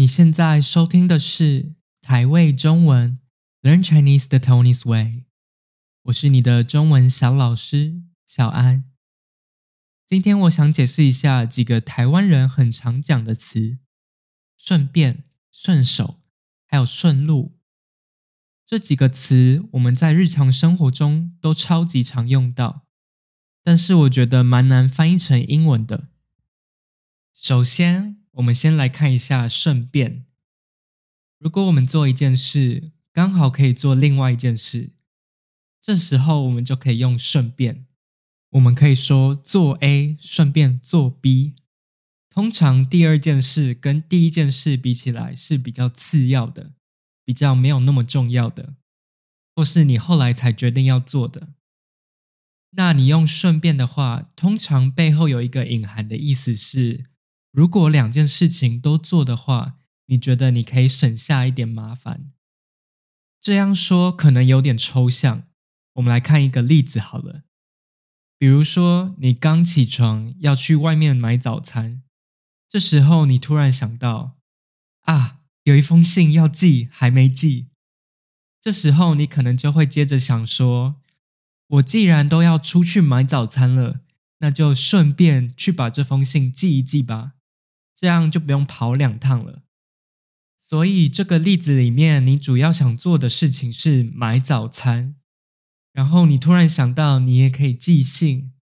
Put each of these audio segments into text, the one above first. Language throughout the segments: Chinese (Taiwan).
你現在收聽的是台味中文 Learn Chinese the Taiwanese Way，我是你的中文小老師小安。今天我想解釋一下幾個台灣人很常講的詞，順便、順手，還有順路。這幾個詞我們在日常生活中都超級常用到，但是我覺得蠻難翻譯成英文的。首先。我們先來看一下順便。如果我們做一件事，剛好可以做另外一件事，這時候我們就可以用順便。我們可以說做 A，順便做 B。通常第二件事跟第一件事比起來是比較次要的，比較沒有那麼重要的，或是你後來才決定要做的。那你用順便的話，通常背後有一個隱含的意思是。如果兩件事情都做的話，你覺得你可以省下一點麻煩。這樣說可能有點抽象，我們來看一個例子好了。比如說，你剛起床要去外面買早餐，這時候你突然想到，啊，有一封信要寄，還沒寄。這時候你可能就會接着想說，我既然都要出去買早餐了，那就順便去把這封信寄一寄吧。這樣就不用跑兩趟了。所以這個例子裡面，你主要想做的事情是買早餐，然後你突然想到你也可以寄信，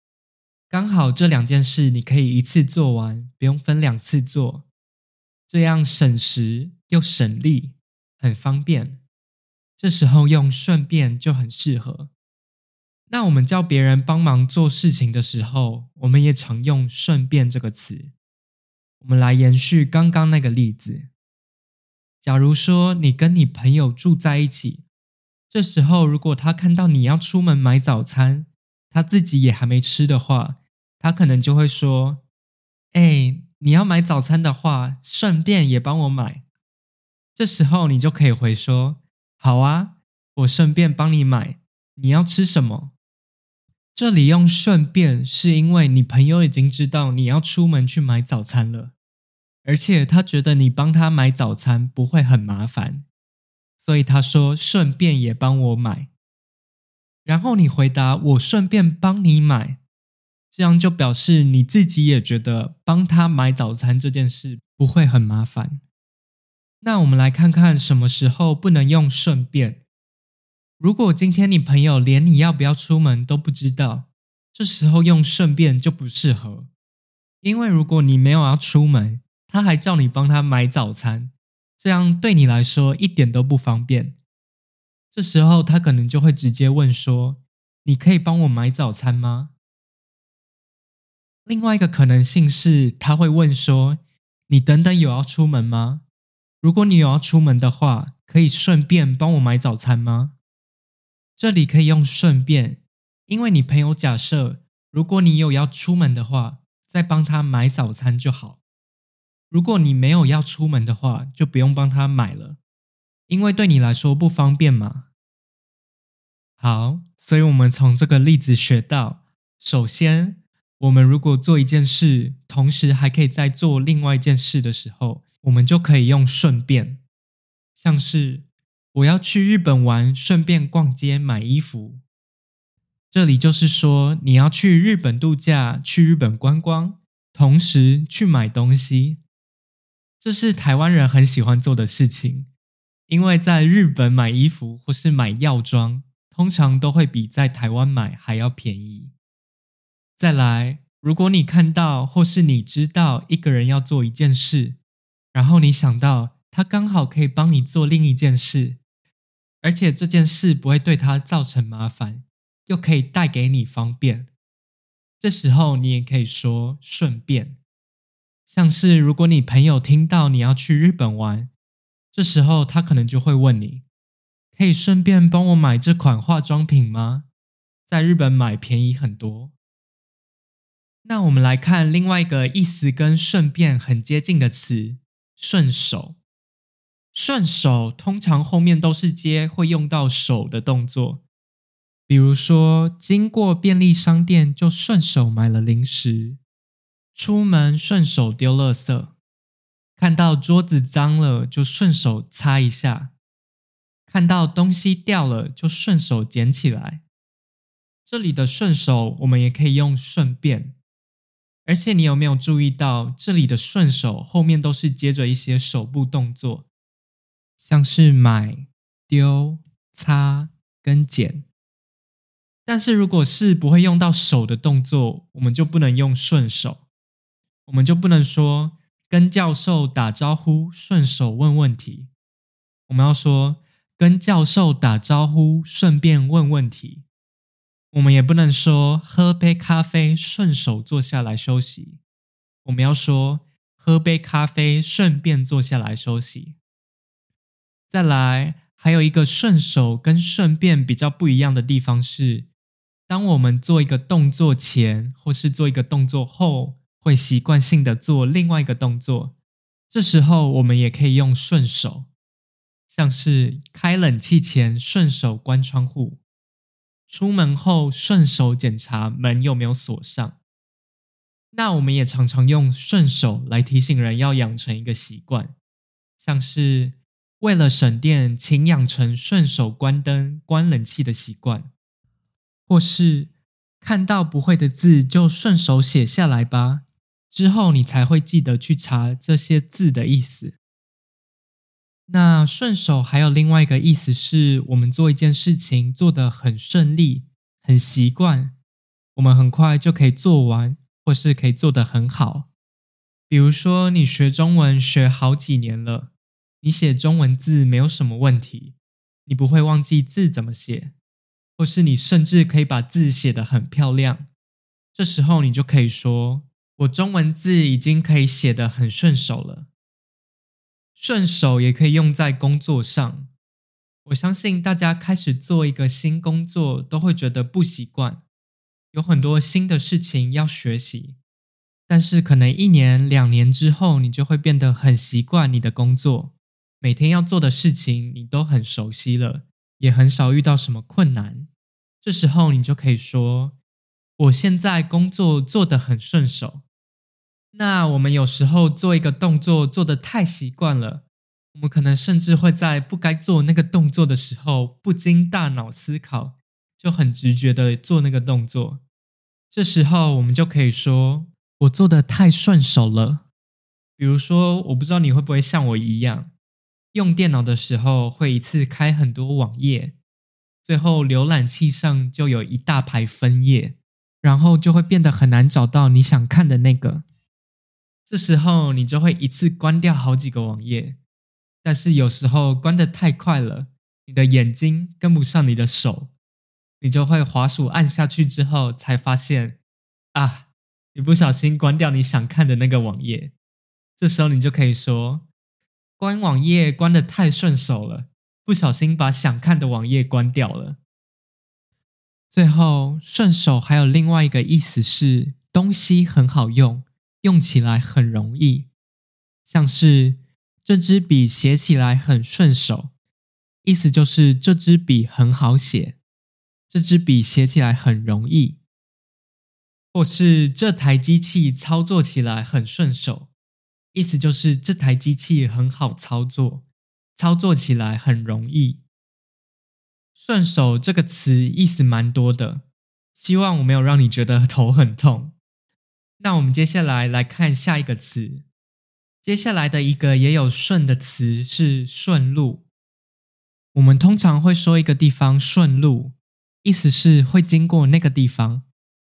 剛好這兩件事你可以一次做完，不用分兩次做，這樣省時又省力，很方便。這時候用“順便”就很適合。那我們叫別人幫忙做事情的時候，我們也常用“順便”這個詞。我們來延續剛剛那個例子。假如說你跟你朋友住在一起，這時候如果他看到你要出門買早餐，他自己也還沒吃的話，他可能就會說：“哎，你要買早餐的話，順便也幫我買。”這時候你就可以回說：“好啊，我順便幫你買。你要吃什麼？”這裡用“順便”是因為你朋友已經知道你要出門去買早餐了。而且他覺得你幫他買早餐不會很麻煩，所以他說順便也幫我買。然後你回答我順便幫你買，這樣就表示你自己也覺得幫他買早餐這件事不會很麻煩。那我們來看看什麼時候不能用順便。如果今天你朋友連你要不要出門都不知道，這時候用順便就不適合，因為如果你沒有要出門。他還叫你幫他買早餐，這樣對你來說一點都不方便。這時候他可能就會直接問說：“你可以幫我買早餐嗎？”另外一個可能性是他會問說：“你等等有要出門嗎？如果你有要出門的話，可以順便幫我買早餐嗎？”這裡可以用“順便”，因為你朋友假設，如果你有要出門的話，再幫他買早餐就好。如果你沒有要出門的話，就不用幫他買了，因為對你來說不方便嘛。好，所以我們從這個例子學到，首先，我們如果做一件事，同時還可以再做另外一件事的時候，我們就可以用順便，像是我要去日本玩，順便逛街，買衣服。這裡就是說你要去日本度假，去日本觀光，同時去買東西。這是台灣人很喜歡做的事情，因為在日本買衣服或是買藥妝，通常都會比在台灣買還要便宜。再來，如果你看到或是你知道一個人要做一件事，然後你想到他剛好可以幫你做另一件事，而且這件事不會對他造成麻煩，又可以帶給你方便，這時候你也可以說順便。像是如果你朋友聽到你要去日本玩，這時候他可能就會問你：“可以順便幫我買這款化妝品嗎？在日本買便宜很多。”那我們來看另外一個意思跟“順便”很接近的詞“順手”。順手通常後面都是接會用到手的動作，比如說經過便利商店就順手買了零食。出門順手丟垃圾，看到桌子髒了就順手擦一下，看到東西掉了就順手撿起來。這裡的“順手”我們也可以用“順便”。而且你有沒有注意到，這裡的“順手”後面都是接着一些手部動作，像是買、丟、擦跟撿。但是如果是不會用到手的動作，我們就不能用“順手”。我們就不能說跟教授打招呼順手問問題，我們要說跟教授打招呼順便問問題。我們也不能說喝杯咖啡順手坐下來休息，我們要說喝杯咖啡順便坐下來休息。再來，還有一個順手跟順便比較不一樣的地方是，當我們做一個動作前或是做一個動作後。會習慣性地做另外一個動作，這時候我們也可以用順手，像是開冷氣前順手關窗戶，出門後順手檢查門有沒有鎖上。那我們也常常用順手來提醒人要養成一個習慣，像是為了省電，請養成順手關燈、關冷氣的習慣，或是看到不會的字就順手寫下來吧。之後你才會記得去查這些字的意思。那順手還有另外一個意思，是我們做一件事情做得很順利，很習慣，我們很快就可以做完，或是可以做得很好。比如說你學中文學好幾年了，你寫中文字沒有什麼問題，你不會忘記字怎麼寫，或是你甚至可以把字寫得很漂亮。這時候你就可以說，我中文字已經可以寫得很順手了，順手也可以用在工作上。我相信大家開始做一個新工作，都會覺得不習慣，有很多新的事情要學習。但是可能一年兩年之後，你就會變得很習慣你的工作，每天要做的事情你都很熟悉了，也很少遇到什麼困難。這時候你就可以說：“我現在工作做得很順手。”那我們有時候做一個動作做得太習慣了，我們可能甚至會在不該做那個動作的時候，不經大腦思考，就很直覺地做那個動作。這時候我們就可以說，我做得太順手了。比如說，我不知道你會不會像我一樣，用電腦的時候會一次開很多網頁，最後瀏覽器上就有一大排分頁，然後就會變得很難找到你想看的那個。這時候你就會一次關掉好幾個網頁，但是有時候關得太快了，你的眼睛跟不上你的手，你就會滑鼠按下去之後才發現，啊，你不小心關掉你想看的那個網頁。這時候你就可以說，關網頁關得太順手了，不小心把想看的網頁關掉了。最後，順手還有另外一個意思是東西很好用。用起來很容易，像是這支筆寫起來很順手，意思就是這支筆很好寫。這支筆寫起來很容易，或是這台機器操作起來很順手，意思就是這台機器很好操作，操作起來很容易。順手這個詞意思蠻多的，希望我沒有讓你覺得頭很痛。那我們接下來來看下一個詞，接下來的一個也有“順”的詞是“順路”。我們通常會說一個地方“順路”，意思是會經過那個地方，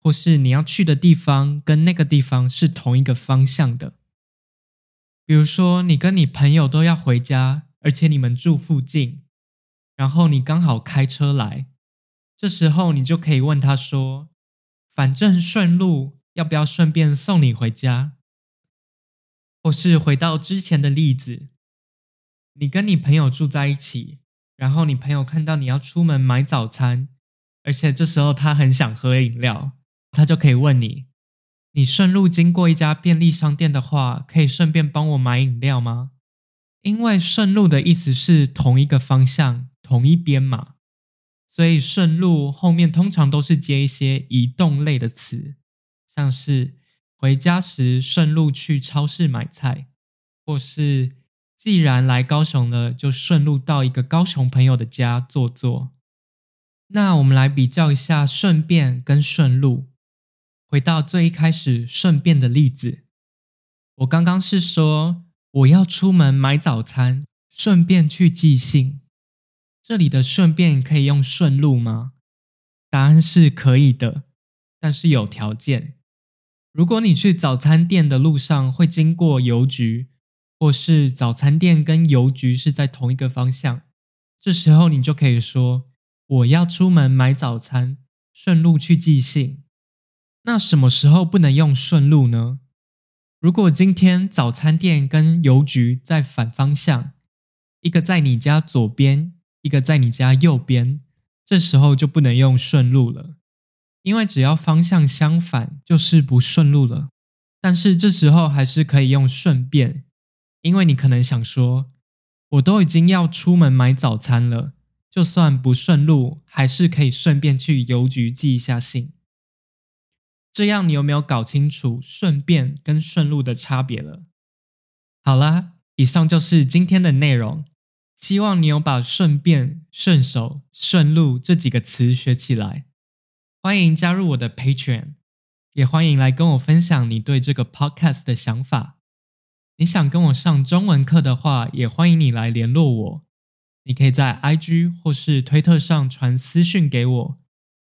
或是你要去的地方跟那個地方是同一個方向的。比如說，你跟你朋友都要回家，而且你們住附近，然後你剛好開車來，這時候你就可以問他說：“反正順路。”要不要順便送你回家？或是回到之前的例子，你跟你朋友住在一起，然後你朋友看到你要出門買早餐，而且這時候他很想喝飲料，他就可以問你：“你順路經過一家便利商店的話，可以順便幫我買飲料嗎？”因為“順路”的意思是同一個方向、同一邊嘛，所以“順路”後面通常都是接一些移動類的詞。像是回家時順路去超市買菜，或是既然來高雄了，就順路到一個高雄朋友的家坐坐。那我們來比較一下“順便”跟“順路”。回到最一開始“順便”的例子，我剛剛是說我要出門買早餐，順便去寄信。這裡的“順便”可以用“順路”嗎？答案是可以的，但是有條件。如果你去早餐店的路上會經過郵局，或是早餐店跟郵局是在同一個方向，這時候你就可以說：“我要出門買早餐，順路去寄信。”那什麼時候不能用“順路”呢？如果今天早餐店跟郵局在反方向，一個在你家左邊，一個在你家右邊，這時候就不能用“順路”了。因為只要方向相反，就是不順路了。但是這時候還是可以用順便，因為你可能想說，我都已經要出門買早餐了，就算不順路，還是可以順便去郵局寄一下信。這樣你有沒有搞清楚順便跟順路的差別了？好啦，以上就是今天的內容，希望你有把順便、順手、順路這幾個詞學起來。歡迎加入我的 Patreon，也歡迎來跟我分享你對這個 podcast 的想法。你想跟我上中文課的話，也歡迎你來聯絡我。你可以在 IG 或是推特上傳私訊給我，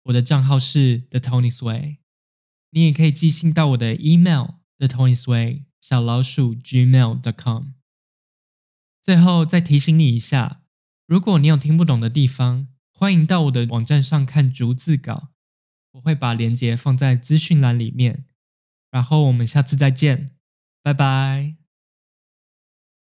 我的賬號是 The Taiwanese Way。你也可以寄信到我的 email thetaiwaneseway 小老鼠 gmail.com。最後再提醒你一下，如果你有聽不懂的地方，歡迎到我的網站上看逐字稿。我會把鏈接放在資訊欄裡面，然後我們下次再見，拜拜。